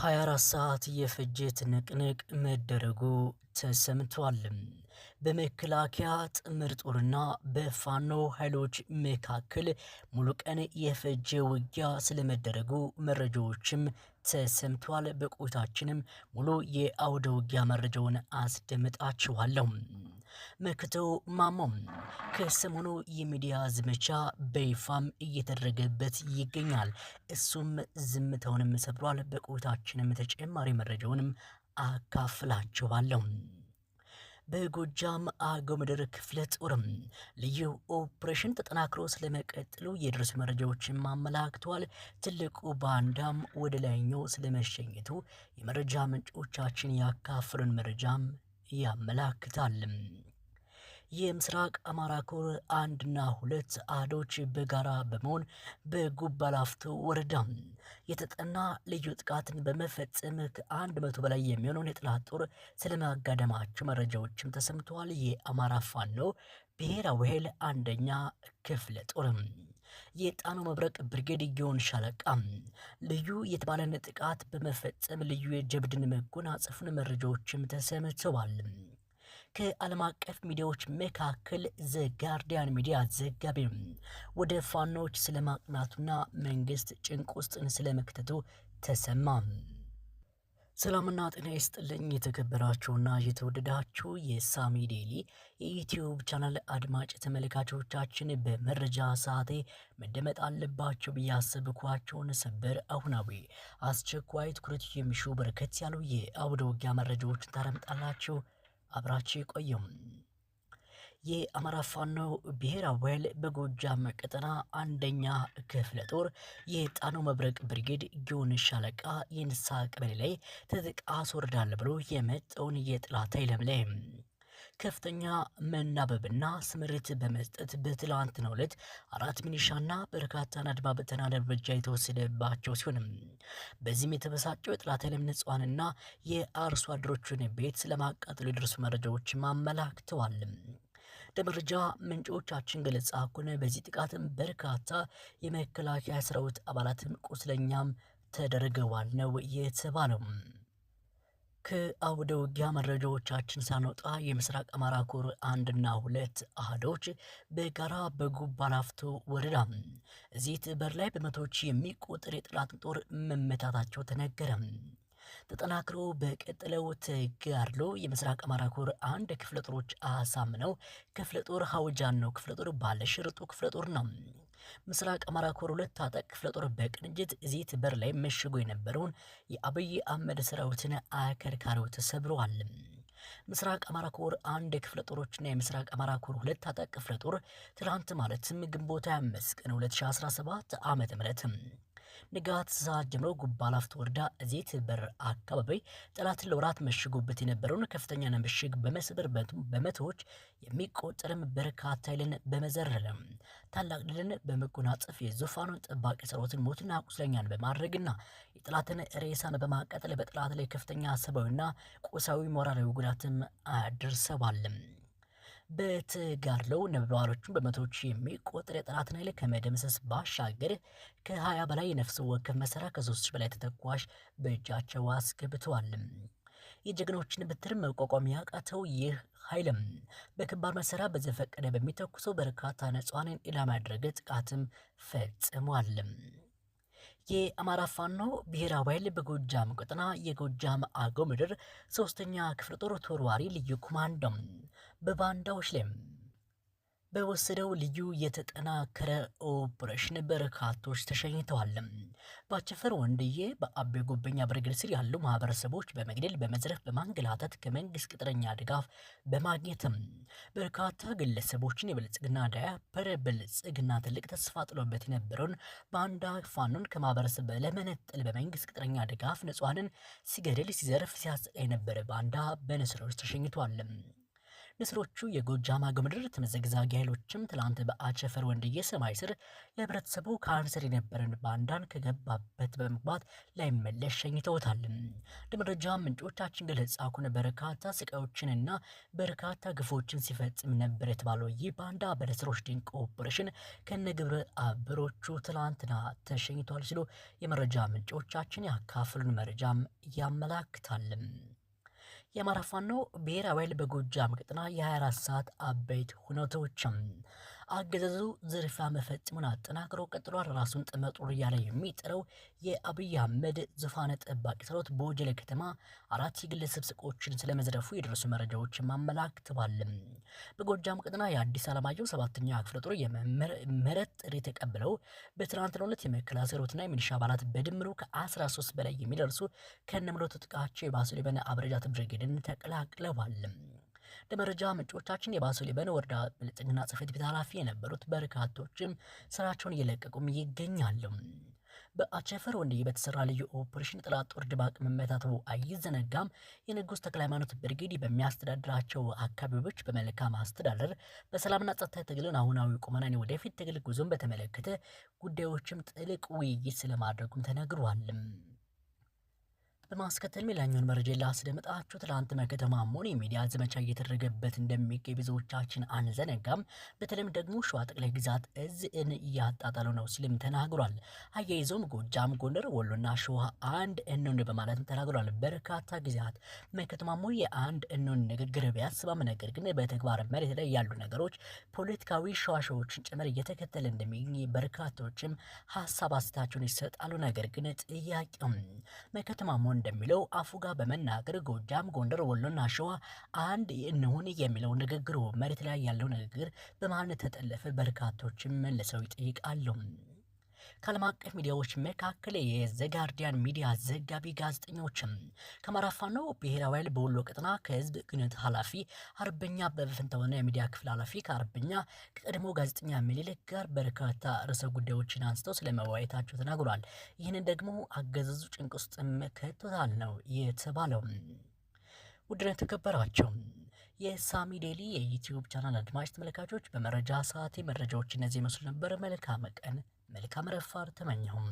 24 ሰዓት የፈጀ ትንቅንቅ መደረጉ ተሰምቷል። በመከላከያ ጥምር ጦርና በፋኖ ኃይሎች መካከል ሙሉ ቀን የፈጀ ውጊያ ስለመደረጉ መረጃዎችም ተሰምቷል። በቆይታችንም ሙሉ የአውደ ውጊያ መረጃውን አስደምጣችኋለሁ። መክቶ ማሞም ከሰሞኑ የሚዲያ ዘመቻ በይፋም እየተደረገበት ይገኛል። እሱም ዝምታውንም ሰብሯል። በቆይታችንም ተጨማሪ መረጃውንም አካፍላችኋለሁ። በጎጃም አገው ምድር ክፍለ ጦርም ልዩ ኦፕሬሽን ተጠናክሮ ስለመቀጠሉ የደረሱ መረጃዎችን ማመላክተዋል። ትልቁ ባንዳም ወደ ላይኛው ስለመሸኘቱ የመረጃ ምንጮቻችን ያካፍሉን መረጃም ያመላክታል። የምስራቅ አማራ ኮር አንድና ሁለት አህዶች በጋራ በመሆን በጉባላፍቶ ወረዳ የተጠና ልዩ ጥቃትን በመፈጸም ከአንድ መቶ በላይ የሚሆነውን የጠላት ጦር ስለማጋደማቸው መረጃዎችም ተሰምተዋል። የአማራ ፋኖ ብሔራዊ ኃይል አንደኛ ክፍለ ጦርም የጣኑ መብረቅ ብርጌድ ጊዮን ሻለቃ ልዩ የተባለን ጥቃት በመፈጸም ልዩ የጀብድን መጎናጸፉን መረጃዎችም ተሰምተዋል። ከዓለም አቀፍ ሚዲያዎች መካከል ጋርዲያን ሚዲያ ዘጋቢ ወደ ፋኖች ስለማቅናቱና መንግስት ጭንቅ ውስጥን ስለመክተቱ ተሰማ። ሰላምና ጤና ይስጥልኝ የተከበራችሁና የተወደዳችሁ የሳሚ ዴሊ የዩትዩብ ቻናል አድማጭ ተመልካቾቻችን፣ በመረጃ ሰዓቴ መደመጥ አለባቸው ብያሰብኳቸውን ሰበር፣ አሁናዊ፣ አስቸኳይ ትኩረት የሚሹ በርከት ያሉ የአውደ ውጊያ መረጃዎችን ታረምጣላችሁ። አብራችሁ ቆዩም። የአማራ ፋኖ ብሔራዊ ኃይል በጎጃም ቀጠና አንደኛ ክፍለ ጦር የጣኑ መብረቅ ብርጌድ ጊዮን ሻለቃ የንሳ ቀበሌ ላይ ትጥቅ አስወርዳል ብሎ የመጣውን የጥላት ኃይል ላይ ከፍተኛ መናበብና ስምርት በመስጠት በትላንትናው ዕለት አራት ሚኒሻና በርካታ ናድባ በተና እርምጃ የተወሰደባቸው ሲሆንም በዚህም የተበሳጨው የጥላት ኃይል ንጹሐንና የአርሶ አደሮቹን ቤት ስለማቃጠሉ የደረሱ መረጃዎችም አመላክተዋል። ለመረጃ ምንጮቻችን ገለጻ ከሆነ በዚህ ጥቃትም በርካታ የመከላከያ ሰራዊት አባላትም ቁስለኛም ተደርገዋል ነው የተባለው። ከአውደ ውጊያ መረጃዎቻችን ሳንወጣ የምስራቅ አማራ ኮር አንድና ሁለት አህዶች በጋራ በጉባ ላፍቶ ወረዳ እዚህ ትበር ላይ በመቶዎች የሚቆጠር የጠላትን ጦር መመታታቸው ተነገረ። ተጠናክሮ በቀጠለው ተጋድሎ የምስራቅ አማራ ኮር አንድ ክፍለ ጦሮች አሳምነው ክፍለ ጦር፣ ሀውጃን ነው ክፍለ ጦር፣ ባለሽርጡ ክፍለ ጦር ነው ምስራቅ አማራ ኮር ሁለት ታጠቅ ክፍለ ጦር በቅንጅት እዚህ በር ላይ መሽጎ የነበረውን የአብይ አህመድ ሰራዊትን አከርካሪው ተሰብረዋል። ምስራቅ አማራ ኮር አንድ ክፍለ ጦሮችና የምስራቅ አማራ ኮር ሁለት ታጠቅ ክፍለ ጦር ትናንት ማለትም ግንቦት 25 ቀን 2017 ዓመተ ምህረት ንጋት ሰዓት ጀምሮ ጉባ ላፍቶ ወረዳ እዜት በር አካባቢ ጠላትን ለወራት መሽጎበት የነበረውን ከፍተኛ ምሽግ በመስበር በመቶዎች የሚቆጠርም በርካታ ኃይልን በመዘረለም ታላቅ ድልን በመጎናጸፍ የዙፋኑን ጠባቂ ሰራዊትን ሞትና ቁስለኛን በማድረግና የጠላትን ሬሳን በማቃጠል በጠላት ላይ ከፍተኛ ሰብአዊና ቁሳዊ ሞራላዊ ጉዳትም አድርሰዋልም። በተጋድለው ነበልባሎቹን በመቶዎች የሚቆጠር የጠላትን ኃይል ከመደምሰስ ባሻገር ከሀያ በላይ የነፍስ ወከፍ መሳሪያ ከሶስት ሺህ በላይ ተተኳሽ በእጃቸው አስገብተዋልም። የጀግኖችን ብትር መቋቋም ያቃተው ይህ ኃይልም በከባድ መሳሪያ በዘፈቀደ በሚተኩሰው በርካታ ንጹሃንን ኢላማ ያደረገ ጥቃትም ፈጽሟል። የአማራ ፋኖ ብሔራዊ ኃይል በጎጃም ቀጠና የጎጃም አገው ምድር ሶስተኛ ክፍለ ጦር ተወርዋሪ ልዩ ኮማንዶ በባንዳዎች ላይም በወሰደው ልዩ የተጠናከረ ኦፕሬሽን በርካቶች ተሸኝተዋል። በአቸፈር ወንድዬ በአቤ ጉበኛ በርግል ስር ያሉ ማህበረሰቦች በመግደል በመዝረፍ፣ በማንገላታት ከመንግስት ቅጥረኛ ድጋፍ በማግኘትም በርካታ ግለሰቦችን የብልጽግና ዳያፐር ብልጽግና ትልቅ ተስፋ ጥሎበት የነበረውን ባንዳ ፋኖን ከማህበረሰብ ለመነጠል በመንግስት ቅጥረኛ ድጋፍ ንጹሐንን ሲገድል፣ ሲዘርፍ፣ ሲያሰቃይ የነበረ ባንዳ በንስሮች ተሸኝቷል። ንስሮቹ የጎጃም አገው ምድር ተመዘግዛጊ ኃይሎችም ትላንት በአቸፈር ወንድዬ ሰማይ ስር ለህብረተሰቡ ካንሰር የነበረን ባንዳን ከገባበት በመግባት ላይመለስ ሸኝተውታል። እንደመረጃ ምንጮቻችን ገለጻ ከሆነ በርካታ ስቃዮችንና በርካታ ግፎችን ሲፈጽም ነበር የተባለው ይህ ባንዳ በንስሮች ድንቅ ኦፕሬሽን ከነ ግብረ አበሮቹ ትላንትና ተሸኝቷል ሲሉ የመረጃ ምንጮቻችን ያካፍሉን መረጃም ያመላክታልም። የአማራ ፋኖ ብሔራዊ ኃይል በጎጃም ቀጠና የ24 ሰዓት አበይት ሁነቶችም አገዛዙ ዝርፊያ መፈጸሙን አጠናክሮ ቀጥሏል። ራሱን ጥምር ጦር እያለ የሚጠራው የአብይ አህመድ ዙፋን ጠባቂ ሰራዊት በወጀሌ ከተማ አራት የግለሰብ ሱቆችን ስለመዝረፉ የደረሱ መረጃዎችን ባለም በጎጃም ቀጠና የአዲስ አለማየሁ ሰባተኛ ክፍለ ጦር የምህረት ጥሪ የተቀበለው በትናንትናው ዕለት የመከላከያ ሰራዊትና የሚሊሻ አባላት በድምሩ ከ13 በላይ የሚደርሱ ከነሙሉ ትጥቃቸው የባሰ ሊበነ አብረጃት ብርጌድን ተቀላቅለዋል። ለመረጃ መረጃ ምንጮቻችን የባሶሊበን ወረዳ ብልጽግና ጽሕፈት ቤት ኃላፊ የነበሩት በርካቶችም ስራቸውን እየለቀቁም ይገኛሉ። በአቸፈር ወንድ በተሰራ ልዩ ኦፕሬሽን ጥላት ጦር ድባቅ መመታቱ አይዘነጋም። የንጉሥ ተክለ ሃይማኖት ብርጌድ በሚያስተዳድራቸው አካባቢዎች በመልካም አስተዳደር በሰላምና ጸጥታ ትግልን አሁናዊ ቁመናን ወደፊት ትግል ጉዞን በተመለከተ ጉዳዮችም ጥልቅ ውይይት ስለማድረጉም ተነግሯልም። በማስከተል ሌላኛውን መረጃ ላስደምጣችሁ። ትላንት መከተማ ሞን የሚዲያ ዘመቻ እየተደረገበት እንደሚገኝ ብዙዎቻችን አንዘነጋም። በተለይም ደግሞ ሸዋ ጠቅላይ ግዛት እዝን እያጣጣሉ ነው ሲልም ተናግሯል። አያይዞም ጎጃም፣ ጎንደር፣ ወሎና ሸዋ አንድ እንሆን በማለትም ተናግሯል። በርካታ ጊዜያት መከተማ ሞን የአንድ እንሆን ንግግር ቢያስባም ነገር ግን በተግባር መሬት ላይ ያሉ ነገሮች ፖለቲካዊ ሸዋሸዎችን ጭምር እየተከተለ እንደሚገኝ በርካቶችም ሀሳብ አስተያየታቸውን ይሰጣሉ። ነገር ግን ጥያቄው መከተማ ሞን እንደሚለው አፉ ጋር በመናገር ጎጃም፣ ጎንደር፣ ወሎና ሸዋ አንድ እንሁን የሚለው ንግግሩ መሬት ላይ ያለው ንግግር በማን ተጠለፈ? በርካቶችም መልሰው ይጠይቃሉ። ከዓለም አቀፍ ሚዲያዎች መካከል የዘጋርዲያን ሚዲያ ዘጋቢ ጋዜጠኞችም ከአማራ ፋኖ ብሔራዊ ኃይል በወሎ ቀጠና ከህዝብ ግንኙነት ኃላፊ አርበኛ በበፍንተሆነ የሚዲያ ክፍል ኃላፊ ከአርበኛ ከቀድሞ ጋዜጠኛ ምኒልክ ጋር በርካታ ርዕሰ ጉዳዮችን አንስተው ስለመወያየታቸው ተናግሯል። ይህንን ደግሞ አገዛዙ ጭንቅ ውስጥም ከቶታል ነው የተባለው። ውድነት ተከበራቸው የሳሚ ዴሊ የዩቲዩብ ቻናል አድማጭ ተመልካቾች በመረጃ ሰዓቴ መረጃዎች እነዚህ ይመስሉ ነበር። መልካም ቀን መልካም ረፋር ተመኘሁም።